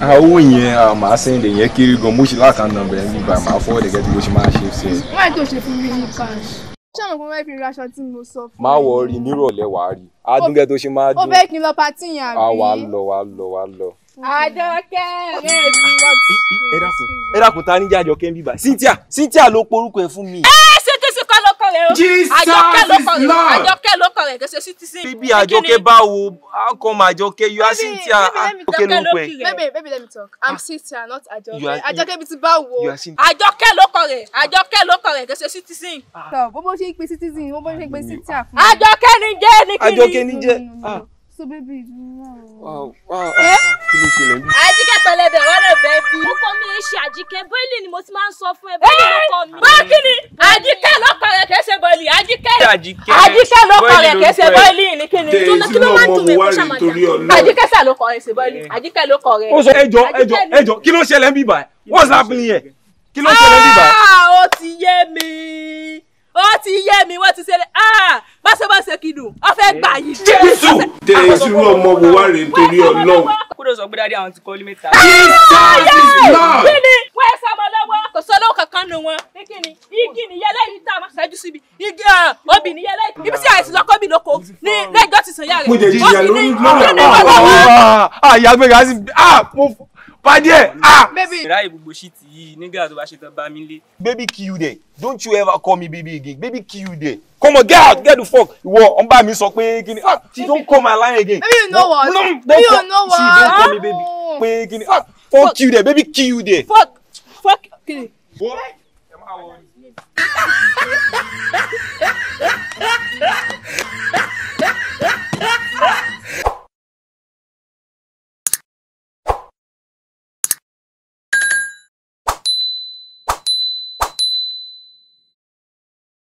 owó yẹn màá sẹ́ndẹ̀ yẹn kéré gan mo e, e, ṣe lákàn náà bẹ̀rẹ̀ nígbà màá fọwọ́ dẹ̀ gẹ́gẹ́ bí mo ṣe máa ṣe sí ẹ. wọ́n ètò ìṣèfún mi ní cash. ṣé àwọn ọmọ ẹbí ra aṣọ tí mo sọ fún. má wọ rí nírọ̀lẹ́ wà á rí adúgẹ́ tó ṣe máa dún. ó bẹ́ẹ̀ kí n lọ patí yẹn àbí. àwa lọ wa lọ wa lọ. àjọkẹ́ rẹ̀ mi lọ sí. ẹ dákun ẹ dákun ta ní jẹ́ àjọkẹ́ ń bíbá cynthia cynthia ló porúkọ ẹ fún mi. ẹ ṣètò ìṣèkọ lọkọ rẹ o àjọkẹ́ lọkọ rẹ àjọkẹ́ rẹ̀ gẹ́sẹ̀ citizen. bíbí àjọkẹ́ bá wo how come àjọkẹ́ you are cynthia àjọkẹ́ ló pẹ́. baby baby let me talk i'm cynthia ah. not àjọkẹ́ àjọkẹ́ bí ti bá wo àjọkẹ́ ló kọ rẹ̀ àjọkẹ́ ló kọ rẹ̀ gẹ́sẹ̀ citizen. sọ bó bó ṣe ń pe citizen bó bó ṣe ń pe cynthia fún mi. àjọkẹ́ ni jẹ́ ni kí ni. àjọkẹ́ ni jẹ́ ah so baby wow eh? wow kí ló ṣe lẹ́yìn. àjíkẹ́ pẹlẹbẹ wọn lè bẹ́ẹ̀ bí. mo kọ́ mi ṣe àjíkẹ́ bóyá ni mo ti máa ń sọ fún ẹ bóyá mo eh? kọ́ mi. báyìí kí ni àjíkẹ́ ló àjíkẹ́ àjíkẹ́ ló kọrin kì í bọ́ìlì ní kíni kí ló máa ń tún mi kó ṣàmàjà àjíkẹ́ sà ló kọrin ṣe bọ́ìlì àjíkẹ́ ló kọrin. ó sọ ẹjọ ẹjọ ẹjọ kí ló ṣẹlẹ̀ bíbá what's happening here kí ló ṣẹlẹ̀ bíbá. Ah, ó ti yé mi ó ti yé mi wọ́n ti ah, ṣe é báṣẹ́báṣẹ́ kìdùn ó fẹ́ gbà yìí. jésù tẹ ìṣúrú ọmọ wo wá rèé torí ọlọ́run. kúrò sọ àwọn nù wọn. kíni igi nìyẹlẹ yìí tá a máa ṣáájú síbi igi ah, obì nìyẹlẹ ibi tí àìsàn lọkọ mi lóko ní lẹjọ ti sàn yá rẹ. mo jẹ jìyà lórí lórí ọ̀pá àyà gbẹ̀gà sí i ah, mo pàdé ẹ̀. Ah. ráyè gbogbo ṣì tì í nígbà tó bá ṣe tán bá mi lé. baby kill you there don't you ever call me baby again baby kill you there come on get out get the fuck ìwọ ọba mi sọ pé kí ni ah she don call my line again. baby you know what baby you know what she don call me baby pé kí ni ah fuck you there baby kill you there. fuck fuck kini. our